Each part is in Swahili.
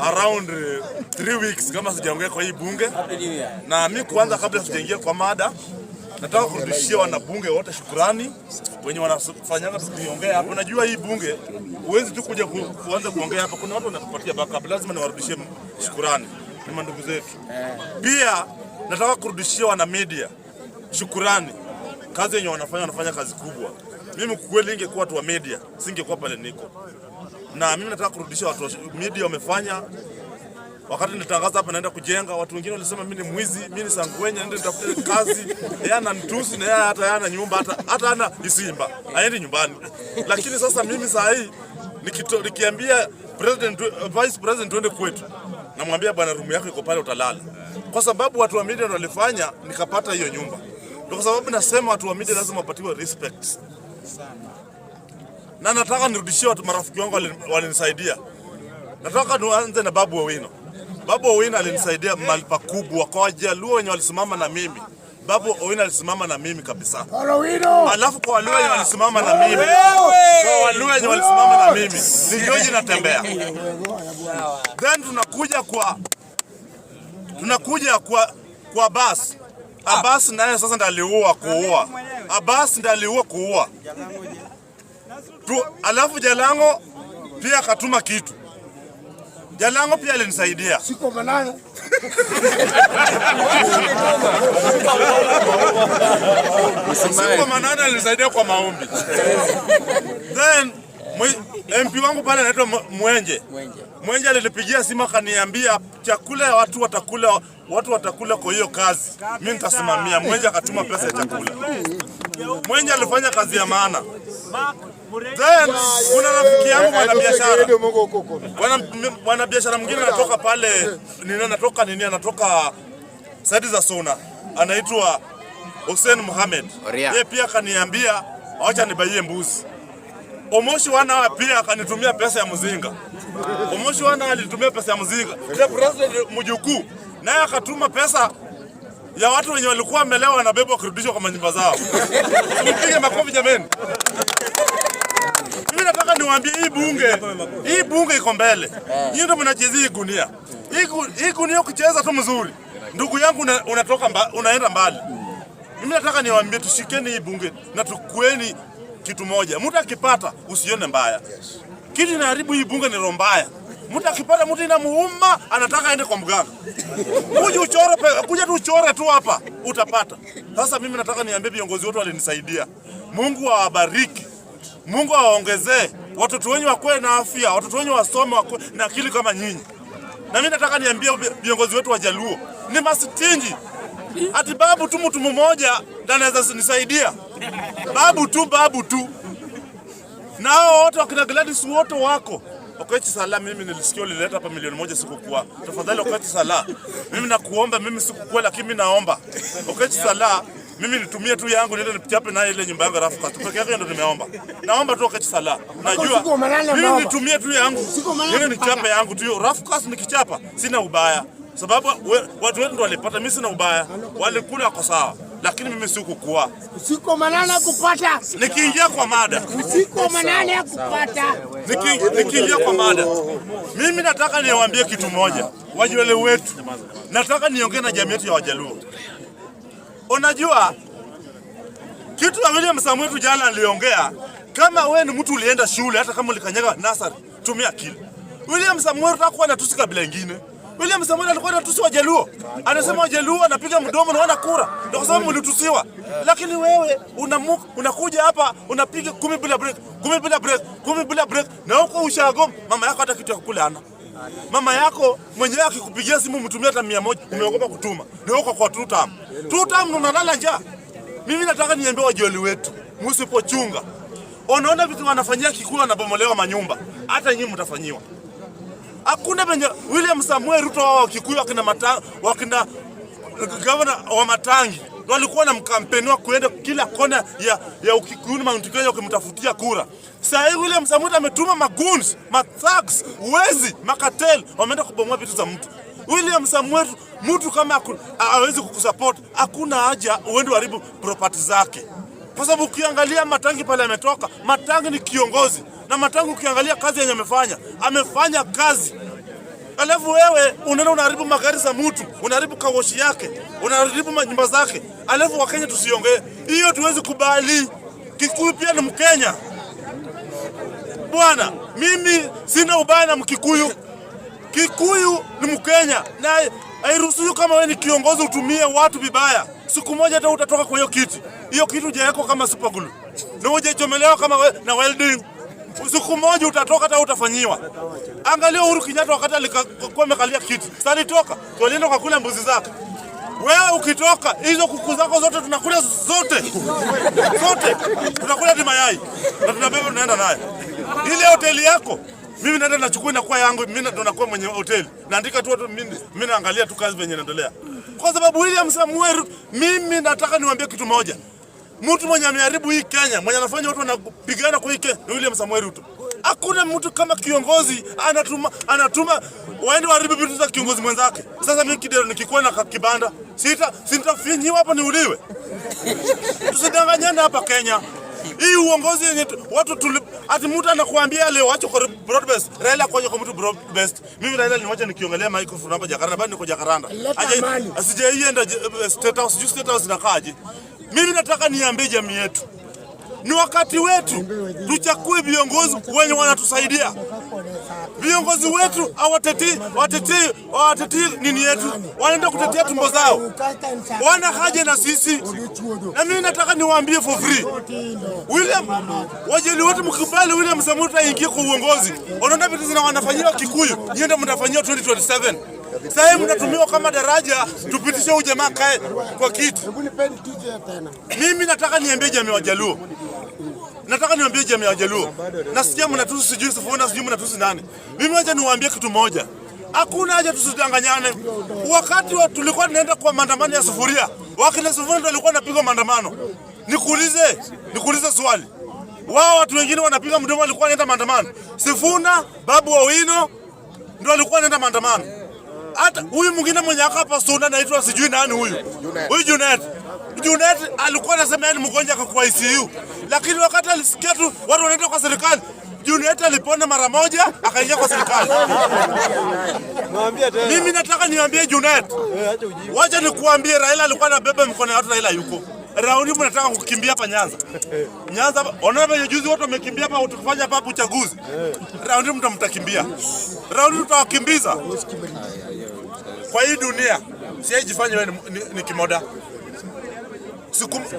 Around eh, three weeks kama sijaongea kwa hii bunge, na mi kwanza, kabla sijaingia kwa mada, nataka kurudishia wanabunge wote shukurani wenye wanafanyanga kuongea hapa. Najua hii bunge huwezi tu kuja kuanza kuongea hapa, kuna watu wanakupatia backup, lazima niwarudishie shukurani ni ndugu zetu. Pia nataka kurudishia wana media shukurani, kazi yenye wanafanya, wanafanya kazi kubwa. Mimi kweli ingekuwa tu wa media, singekuwa pale niko na mimi nataka kurudisha watu media wamefanya. Wakati nilitangaza hapa naenda kujenga, watu wengine walisema mimi ni mwizi, mimi ni sangwenya, nende nitafute kazi. Yeye ananitusi na yeye hata yana nyumba hata hata ana isimba. aende nyumbani. Lakini sasa mimi saa hii nikito, nikiambia president vice president twende kwetu. Namwambia bwana, rumu yako iko pale utalala. Kwa sababu watu wa media walifanya nikapata hiyo nyumba. Ndio kwa sababu nasema watu wa media lazima wapatiwe respect na nataka nirudishie watu marafiki wangu walinisaidia. Nataka tuanze na Babu Owino. Babu Owino alinisaidia mali pakubwa kwa Wajaluo wenye walisimama na mimi. Babu Owino alisimama na mimi kabisa. Alafu ah! kwa Waluo wenye walisimama na mimi. Kwa Waluo wenye walisimama na mimi. Ni George natembea. Then tunakuja kwa tunakuja kwa kwa basi. Abasi naye sasa ndaliua kuua. Abasi ndaliua kuua tu, alafu Jalango pia akatuma kitu. Jalango pia alinisaidia. Siko malaya. Siko manana alinisaidia kwa maombi. Then MP wangu pale anaitwa Mwenje. Mwenje alinipigia simu akaniambia chakula ya watu watakula watu watakula kwa hiyo kazi. Mimi nitasimamia. Mwenje akatuma pesa ya chakula. Mwenje alifanya kazi ya maana. Then kuna rafiki yangu mwanabiashara mwanabiashara mwingine anatoka pale nini, anatoka nini, anatoka saidi za Sona, anaitwa Hussein Mohamed. Yeye pia akaniambia acha nibaie mbuzi Omoshi wana pia akanitumia pesa ya mzinga. Omoshi wana alitumia pesa ya mzinga. Ile president mjukuu naye akatuma pesa ya watu wenye walikuwa wamelewa na bebo akarudishwa kwa manyumba zao. Mpige makofi jameni niwaambie hii bunge, hii bunge iko mbele. Eh. Nyinyi ndio mnachezea hii gunia. Hii gunia ukicheza tu mzuri, ndugu yangu, unatoka mba, unaenda mbali. Mimi nataka niwaambie tushikeni hii bunge na tukueni kitu moja. Mtu akipata usione mbaya. Kitu inaharibu hii bunge ni roho mbaya. Mtu akipata mtu inamuuma anataka aende kwa mganga. Kuja uchore pe, kuja tu uchore tu hapa utapata. Sasa mimi nataka niambie viongozi wote walinisaidia. Mungu awabariki. Mungu awaongezee watoto wenyu wakuwe na afya, watoto wenyu wasome, wakuwe na akili kama nyinyi. Na mimi nataka niambie viongozi wetu wa Jaluo ni masitingi, ati babu tu mtu mmoja ndio anaweza nisaidia, babu tu, babu tu. Na hao wote wakina Gladys wote wako Okech Sala, mimi nilisikia ulileta hapa milioni moja sikukua Tafadhali Okech Sala, mimi nakuomba, mimi sikukuwa, lakini mimi naomba Okech Sala mimi nitumie tu yangu niende nichape naye ile nyumba yangu alafu katu. Peke yake ndo nimeomba. Naomba tu kachi sala. Najua. Mimi nitumie tu yangu. Niende nichape yangu tu hiyo. Alafu kasi nikichapa sina ubaya. Sababu watu wetu ndo walipata, mimi sina ubaya. Walikula kwa sawa. Lakini mimi sikukua. Usiku manane kupata. Nikiingia kwa mada. Usiku manane kupata. Nikiingia kwa mada. Mimi nataka niwaambie kitu moja. Wajole wetu. Nataka niongee na jamii yetu ya Wajaluo. Unajua kitu ya William Samuel tu jana aliongea, kama we ni mtu ulienda shule, hata kama ulikanyaga nasari, tumia akili. William Samuel atakuwa anatusi kabila ingine. William Samuel alikuwa anatusi Wajaluo, anasema Wajaluo anapiga mdomo na wana kura, ndio kwa sababu ulitusiwa. Lakini wewe unamuka, unakuja hapa unapiga kumi bila break, kumi bila break, kumi bila break, na huko ushago mama yako hata kitu ya kukula ana Mama yako mwenyewe akikupigia simu mtumia hata mia moja umeogopa kutuma. Ndio uko kwa two term. ndo Mimi nataka niambie wajoli wetu, msipochunga. Unaona vitu wanafanyia Kikuyu wanabomolewa manyumba. Hata nyinyi mtafanyiwa. Hakuna venye William Samuel Ruto wao wakikuyu wakina mata wakina governor wa Matangi walikuwa na mkampeni wa kuenda kila kona ya, ya ukikuni Mount ukimtafutia kura. Sasa hivi William Samoei ametuma maguns, mathags, wezi, makatel wameenda kubomoa vitu za mtu. William Samuel mtu kama hawezi kukusupport, hakuna haja uende haribu property zake. Kwa sababu ukiangalia Matangi pale ametoka, Matangi ni kiongozi na Matangi ukiangalia kazi yenye amefanya, amefanya kazi Alafu wewe unaenda unaharibu magari za mtu, unaharibu kawoshi yake, unaharibu manyumba zake, alafu Wakenya tusiongee hiyo, tuwezi kubali. Kikuyu pia ni Mkenya bwana. Mimi sina ubaya na Mkikuyu, Kikuyu ni Mkenya na hairuhusiwi. Kama wewe ni kiongozi utumie watu vibaya, siku moja hata utatoka kwa hiyo kiti. Hiyo kitu jaeko kama super glue na hujachomelewa kama we, na welding Siku moja utatoka hata utafanyiwa. Angalia Uhuru Kenyatta wakati alikuwa amekalia kiti. Sasa alitoka, tulienda mbuzi zake. Wewe ukitoka hizo kuku zako zote tunakula zote. Zote. Tunakula ni mayai. Na tunabeba tunaenda naye. Ile hoteli yako mimi naenda nachukua inakuwa yangu, mimi ndo nakuwa mwenye hoteli. Naandika tu watu, mimi naangalia tu kazi venye inaendelea. Kwa sababu William Samuel, mimi nataka niwaambie kitu moja. Mtu mwenye ameharibu hii Kenya, mwenye anafanya watu wanapigana kwa hii Kenya ni William Samoei Ruto. Hakuna mtu kama kiongozi anatuma anatuma waende waharibu vitu za kiongozi mwenzake. Sasa mimi kidero nikikuwa na kibanda, sita sitafinyi hapa niuliwe. Tusidanganyane hapa Kenya. Hii uongozi yenye watu tuli, ati mtu anakuambia leo acha kwa broadcast. Raila kwa kwa mtu broadcast. Mimi Raila niwacha nikiongelea microphone hapa Jakaranda, bado niko Jakaranda. Asijeienda eh, state house, just state house inakaaje? Mimi nataka niambie jamii yetu, ni wakati wetu tuchakue viongozi wenye wanatusaidia. Viongozi wetu hawatetii watetii watetii nini yetu, wanaenda kutetea tumbo zao, wana haja na sisi. Na mimi nataka niwaambie for free, William wajeli wote mkubali William Samuta ingie kwa uongozi, unaona vitu zina wanafanyia Kikuyu, nyienda mtafanyia 2027 sasa mnatumiwa kama daraja tupitishe huyu jamaa kae kwa kitu. Mimi nataka niambie jamii wa Jaluo. Nataka niambie jamii wa Jaluo. Nasikia mnatusi sijui Sifuna na sijui mnatusi nani. Mimi wacha niwaambie kitu moja. Hakuna haja tusidanganyane. Wakati wa tulikuwa tunaenda kwa maandamano ya sufuria, wakina sufuria ndio walikuwa wanapiga maandamano. Nikuulize, nikuulize swali. Wao watu wengine wanapiga mdomo walikuwa wanaenda maandamano. Sifuna, Babu Owino ndio walikuwa wanaenda maandamano hata huyu mwingine mwenye ako hapa Suna naitwa sijui nani huyu huyu Junet Junet alikuwa anasema ni mgonjwa kwa ICU, lakini wakati alisikia tu watu wanaenda kwa serikali Junet alipona mara moja akaingia kwa serikali. Mwambie tena. Mimi nataka niambie Junet, eh, wacha nikuambie, Raila alikuwa anabeba mkono ya watu, Raila yuko rauni mnataka kukimbia hapa Nyanza. Eh. Nyanza hapa juzi watu wamekimbia hapa utakufanya hapa uchaguzi. Eh. Rauni mtamtakimbia. Rauni tutawakimbiza. Kwa hii dunia siajifanye wewe ni, ni, ni kimoda.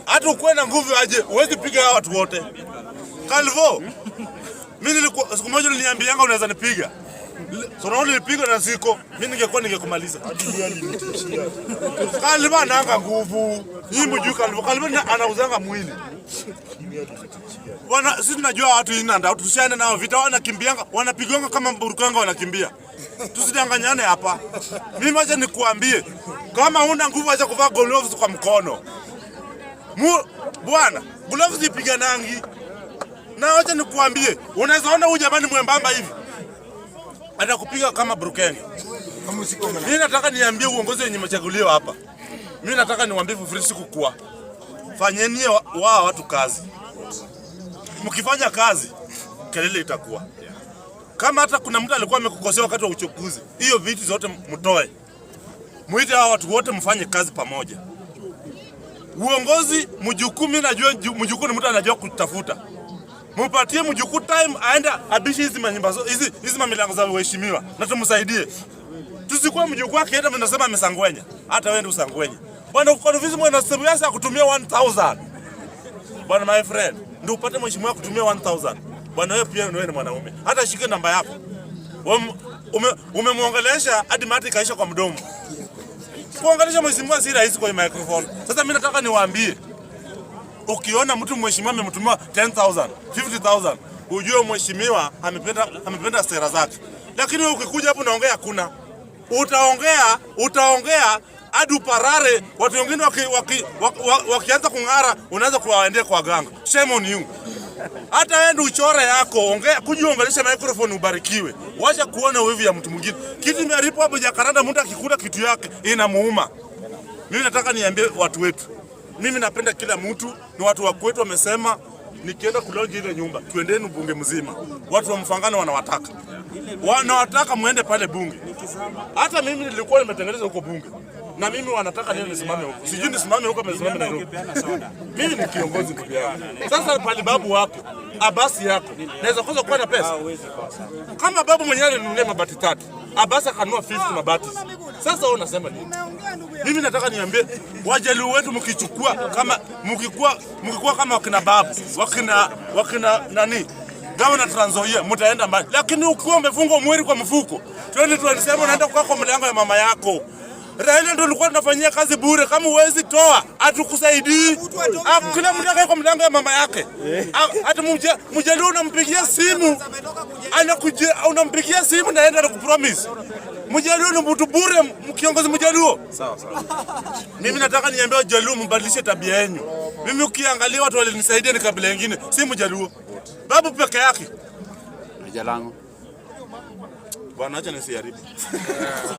Hata ukuwe na nguvu aje, uwezi piga watu wote. kalvo mimi siku moja niliambianga unaweza nipiga Sonaona nilipigwa na ziko. Mimi ningekuwa ningekumaliza. Kalima ananga nguvu. Nyimbo juu Kalima. Kalima anauzanga mwili. Wana sisi tunajua watu inanda, watu nao vita, wanakimbianga, wanapigwanga kama mburukanga wanakimbia. Tusidanganyane hapa. Mimi acha nikuambie, kama huna nguvu acha kuvaa gloves kwa mkono. Mu bwana, gloves ipiganangi. Na acha nikuambie, unaweza ona huyu jamani mwembamba hivi atakupiga kama brukeni. Mimi nataka niambie uongozi wenye machagulio hapa, mimi nataka niwaambie siku kwa fanyeni wao watu kazi. Mkifanya kazi, kelele itakuwa kama hata kuna mtu alikuwa amekukosea wakati wa uchaguzi, hiyo vitu zote mtoe, muite hao watu wote, mfanye kazi pamoja. Uongozi mjukuu, najua mjukuu ni mtu anajua kutafuta mupatie mjukuu time aende abishi hizi manyumba hizi hizi mamilango za waheshimiwa na tumsaidie. Tusikuwa mjukuu akienda mnasema amesangwenya, hata wewe ndio usangwenye. Bwana kwa vizi mwana siasa akutumia 1000. Bwana my friend, ndio upate mheshimiwa kutumia 1000. Bwana wewe pia ni wewe ni mwanaume. Hata shike namba yako. Wewe Umemwongelesha ume hadi mate kaisha kwa mdomo. Kuongelesha mheshimiwa si rahisi kwa microphone. Sasa mimi nataka niwaambie Ukiona mtu mheshimiwa amemtumia 10000 50000 ujue mheshimiwa amependa, amependa sera zake. Lakini wewe ukikuja hapo unaongea hakuna, utaongea utaongea adu parare. watu wengine wakianza waki, waki, waki kung'ara, unaweza kuwaendea kwa ganga. Shame on you. Hata wewe uchore yako, ongea, kujiongelesha microphone ubarikiwe. Wacha kuona wivu ya mtu mwingine. Kitu imeripo hapo Jakaranda, mtu akikula kitu yake inamuuma. Mimi nataka niambie watu wetu mimi napenda kila mtu na watu wa kwetu wamesema nikienda kuloji ile nyumba, twendeni bunge mzima. Watu wa Mfangano wanawataka, wanawataka muende pale bunge. Hata mimi nilikuwa nimetengeneza huko bunge, na mimi wanataka nini nisimame huko, sijui nisimame huko, nisimame Nairobi. Mimi ni kiongozi kivyao. Sasa pale babu wako abasi yako naweza kosa kuwa na pesa kama babu mwenyewe alinunulia mabati tatu Abasa kanua 50 mabati. Sasa wewe unasema nini? Mimi nataka niambie wajaluo wetu mkichukua kama mkikuwa mkikuwa kama wakina babu, wakina wakina nani? Gavana Trans Nzoia mtaenda mbali. Lakini ukiwa umefungwa mweri kwa mfuko, 2027 unaenda kukaa kwa mlango ya mama yako. Raila ndo alikuwa anafanyia kazi bure. Kama uwezi toa, atukusaidii. Ah, kila mtu akae kwa mlango ya mama yake. Ah, hata mjaluo unampigia simu anakujia unampigia simu na kupromise. Mjaluo ni mtu bure, mkiongozi Mjaluo. Sawa sawa. Mimi nataka niambie Jaluo mbadilishe tabia yenu. Mimi ukiangalia watu walinisaidia ni kabila nyingine, si Mjaluo. Babu peke yake. Mjalango. Bwana acha nisiharibu. Eh.